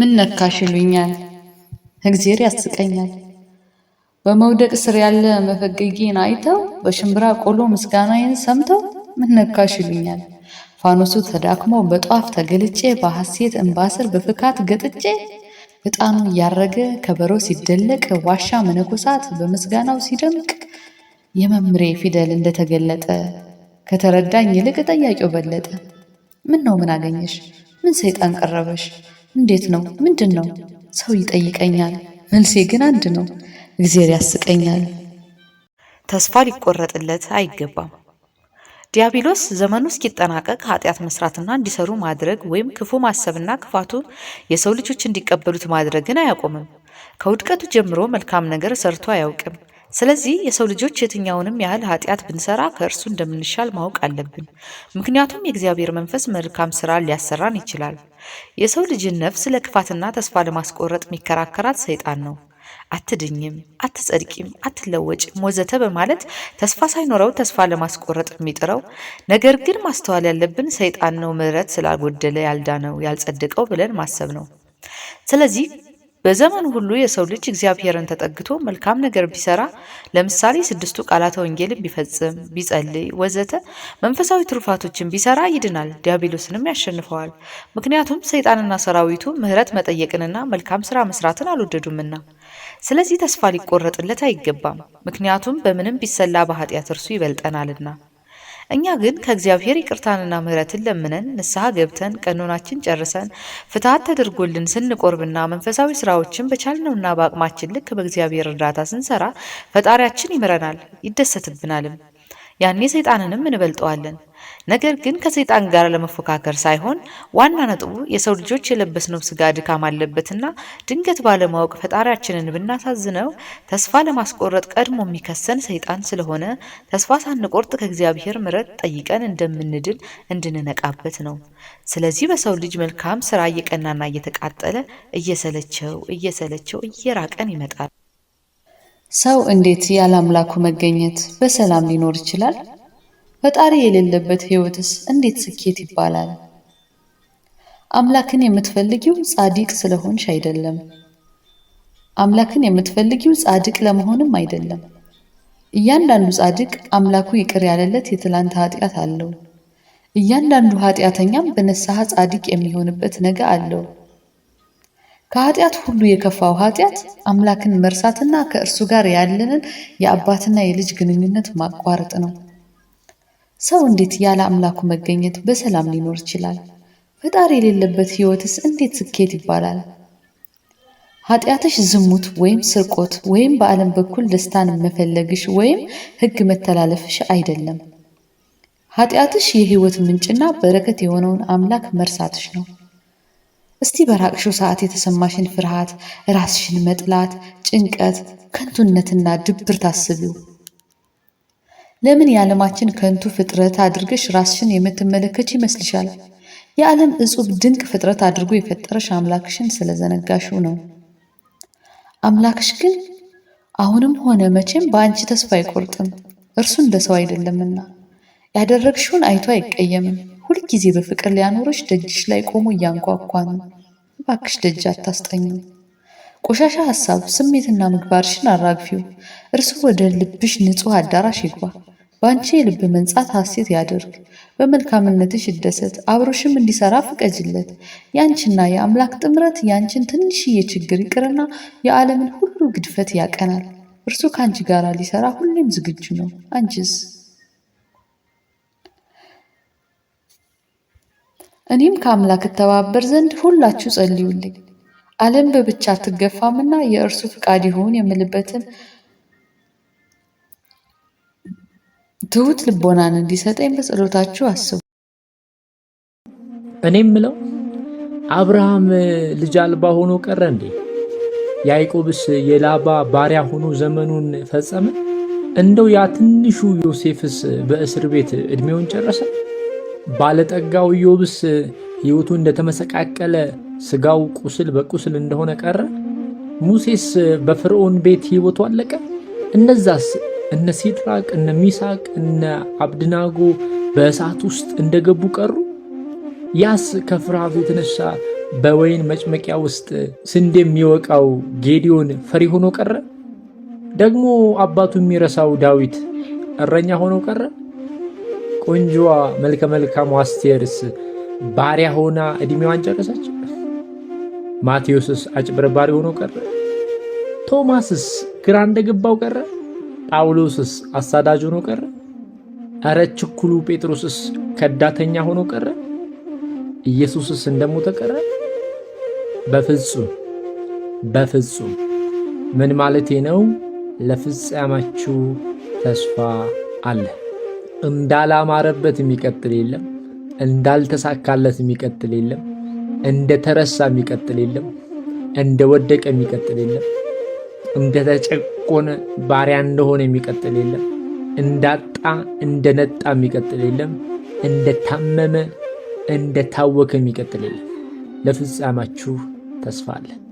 ምን ነካሽ ይሉኛል። እግዜር ያስቀኛል። በመውደቅ ስር ያለ መፈገጌን አይተው በሽምብራ ቆሎ ምስጋናዬን ሰምተው ምን ነካሽ ይሉኛል። ፋኖሱ ተዳክሞ በጧፍ ተገልጬ በሐሴት እንባስር በፍካት ገጥጬ እጣኑ እያረገ ከበሮ ሲደለቅ ዋሻ መነኮሳት በምስጋናው ሲደምቅ የመምሬ ፊደል እንደተገለጠ ከተረዳኝ ይልቅ ጠያቂው በለጠ። ምን ነው ምን አገኘሽ? ምን ሰይጣን ቀረበሽ? እንዴት ነው ምንድን ነው ሰው ይጠይቀኛል። መልሴ ግን አንድ ነው፣ እግዜር ያስቀኛል። ተስፋ ሊቆረጥለት አይገባም። ዲያብሎስ ዘመኑ እስኪጠናቀቅ ኃጢአት መስራትና እንዲሰሩ ማድረግ ወይም ክፉ ማሰብና ክፋቱ የሰው ልጆች እንዲቀበሉት ማድረግን አያቆምም። ከውድቀቱ ጀምሮ መልካም ነገር ሰርቶ አያውቅም። ስለዚህ የሰው ልጆች የትኛውንም ያህል ኃጢአት ብንሰራ ከእርሱ እንደምንሻል ማወቅ አለብን። ምክንያቱም የእግዚአብሔር መንፈስ መልካም ስራ ሊያሰራን ይችላል። የሰው ልጅን ነፍስ ለክፋትና ተስፋ ለማስቆረጥ የሚከራከራት ሰይጣን ነው። አትድኝም፣ አትጸድቂም፣ አትለወጭም ወዘተ በማለት ተስፋ ሳይኖረው ተስፋ ለማስቆረጥ የሚጥረው ነገር ግን ማስተዋል ያለብን ሰይጣን ነው ምሕረት ስላጎደለ ያልዳነው ያልጸደቀው ብለን ማሰብ ነው። ስለዚህ በዘመኑ ሁሉ የሰው ልጅ እግዚአብሔርን ተጠግቶ መልካም ነገር ቢሰራ፣ ለምሳሌ ስድስቱ ቃላተ ወንጌልን ቢፈጽም፣ ቢጸልይ፣ ወዘተ መንፈሳዊ ትሩፋቶችን ቢሰራ ይድናል፣ ዲያብሎስንም ያሸንፈዋል። ምክንያቱም ሰይጣንና ሰራዊቱ ምሕረት መጠየቅንና መልካም ስራ መስራትን አልወደዱምና። ስለዚህ ተስፋ ሊቆረጥለት አይገባም። ምክንያቱም በምንም ቢሰላ በኃጢአት እርሱ ይበልጠናልና። እኛ ግን ከእግዚአብሔር ይቅርታንና ምሕረትን ለምነን ንስሐ ገብተን ቀኖናችን ጨርሰን ፍትሐት ተደርጎልን ስንቆርብና መንፈሳዊ ስራዎችን በቻልነውና በአቅማችን ልክ በእግዚአብሔር እርዳታ ስንሰራ ፈጣሪያችን ይምረናል ይደሰትብናልም። ያኔ ሰይጣንንም እንበልጠዋለን። ነገር ግን ከሰይጣን ጋር ለመፎካከር ሳይሆን ዋና ነጥቡ የሰው ልጆች የለበስነው ስጋ ድካም አለበትና ድንገት ባለማወቅ ፈጣሪያችንን ብናሳዝነው ተስፋ ለማስቆረጥ ቀድሞ የሚከሰን ሰይጣን ስለሆነ ተስፋ ሳንቆርጥ ከእግዚአብሔር ምረት ጠይቀን እንደምንድን እንድንነቃበት ነው። ስለዚህ በሰው ልጅ መልካም ስራ እየቀናና እየተቃጠለ እየሰለቸው እየሰለቸው እየራቀን ይመጣል። ሰው እንዴት ያለ አምላኩ መገኘት በሰላም ሊኖር ይችላል? ፈጣሪ የሌለበት ህይወትስ እንዴት ስኬት ይባላል? አምላክን የምትፈልጊው ጻድቅ ስለሆንሽ አይደለም። አምላክን የምትፈልጊው ጻድቅ ለመሆንም አይደለም። እያንዳንዱ ጻድቅ አምላኩ ይቅር ያለለት የትላንት ኃጢአት አለው። እያንዳንዱ ኃጢአተኛም በንስሐ ጻድቅ የሚሆንበት ነገ አለው። ከኃጢአት ሁሉ የከፋው ኃጢአት አምላክን መርሳትና ከእርሱ ጋር ያለንን የአባትና የልጅ ግንኙነት ማቋረጥ ነው። ሰው እንዴት ያለ አምላኩ መገኘት በሰላም ሊኖር ይችላል? ፈጣሪ የሌለበት ሕይወትስ እንዴት ስኬት ይባላል? ኃጢአትሽ ዝሙት ወይም ስርቆት ወይም በዓለም በኩል ደስታን መፈለግሽ ወይም ሕግ መተላለፍሽ አይደለም። ኃጢአትሽ የሕይወት ምንጭና በረከት የሆነውን አምላክ መርሳትሽ ነው። እስቲ በራቅሽው ሰዓት የተሰማሽን ፍርሃት፣ ራስሽን መጥላት፣ ጭንቀት፣ ከንቱነትና ድብር ታስቢው? ለምን የዓለማችን ከንቱ ፍጥረት አድርገሽ ራስሽን የምትመለከች ይመስልሻል? የዓለም እጹብ ድንቅ ፍጥረት አድርጎ የፈጠረሽ አምላክሽን ስለዘነጋሽው ነው። አምላክሽ ግን አሁንም ሆነ መቼም በአንቺ ተስፋ አይቆርጥም። እርሱ እንደ ሰው አይደለምና ያደረግሽውን አይቶ አይቀየምም። ሁልጊዜ በፍቅር ሊያኖርሽ ደጅሽ ላይ ቆሞ እያንኳኳ ነው። እባክሽ ደጅ አታስጠኝ። ቆሻሻ ሀሳብ፣ ስሜትና ምግባርሽን አራግፊው። እርሱ ወደ ልብሽ ንጹህ አዳራሽ ይግባ። በአንቺ የልብ መንጻት ሀሴት ያደርግ፣ በመልካምነትሽ ይደሰት። አብሮሽም እንዲሰራ ፍቀጅለት። ያንቺና የአምላክ ጥምረት ያንቺን ትንሽዬ ችግር ይቅርና የዓለምን ሁሉ ግድፈት ያቀናል። እርሱ ከአንቺ ጋር ሊሰራ ሁሌም ዝግጁ ነው። አንቺስ? እኔም ከአምላክ እተባበር ዘንድ ሁላችሁ ጸልዩልኝ። ዓለም በብቻ አትገፋምና የእርሱ ፍቃድ ይሁን የምልበትን ትሁት ልቦናን እንዲሰጠኝ በጸሎታችሁ አስቡ። እኔ ምለው አብርሃም ልጅ አልባ ሆኖ ቀረ እንዴ? ያዕቆብስ የላባ ባሪያ ሆኖ ዘመኑን ፈጸመ? እንደው ያ ትንሹ ዮሴፍስ በእስር ቤት ዕድሜውን ጨረሰ? ባለጠጋው ኢዮብስ ሕይወቱ እንደተመሰቃቀለ ስጋው ቁስል በቁስል እንደሆነ ቀረ? ሙሴስ በፍርዖን ቤት ሕይወቱ አለቀ? እነዛስ እነ ሲድራቅ፣ እነ ሚሳቅ፣ እነ አብድናጎ በእሳት ውስጥ እንደገቡ ቀሩ? ያስ ከፍርሃቱ የተነሳ በወይን መጭመቂያ ውስጥ ስንዴ የሚወቃው ጌዲዮን ፈሪ ሆኖ ቀረ? ደግሞ አባቱ የሚረሳው ዳዊት እረኛ ሆኖ ቀረ? ቆንጆዋ መልከ መልካም አስቴርስ ባሪያ ሆና እድሜዋን ጨረሰች። ማቴዎስስ አጭበርባሪ ሆኖ ቀረ። ቶማስስ ግራ እንደገባው ቀረ። ጳውሎስስ አሳዳጅ ሆኖ ቀረ። እረ ችኩሉ ጴጥሮስስ ከዳተኛ ሆኖ ቀረ። ኢየሱስስ እንደሞተ ቀረ። በፍጹም በፍጹም። ምን ማለቴ ነው? ለፍጻሜያችሁ ተስፋ አለ። እንዳላማረበት የሚቀጥል የለም። እንዳልተሳካለት የሚቀጥል የለም። እንደተረሳ የሚቀጥል የለም። እንደወደቀ የሚቀጥል የለም። እንደተጨቆነ ባሪያ እንደሆነ የሚቀጥል የለም። እንዳጣ እንደነጣ የሚቀጥል የለም። እንደታመመ እንደታወከ የሚቀጥል የለም። ለፍጻማችሁ ተስፋ አለን።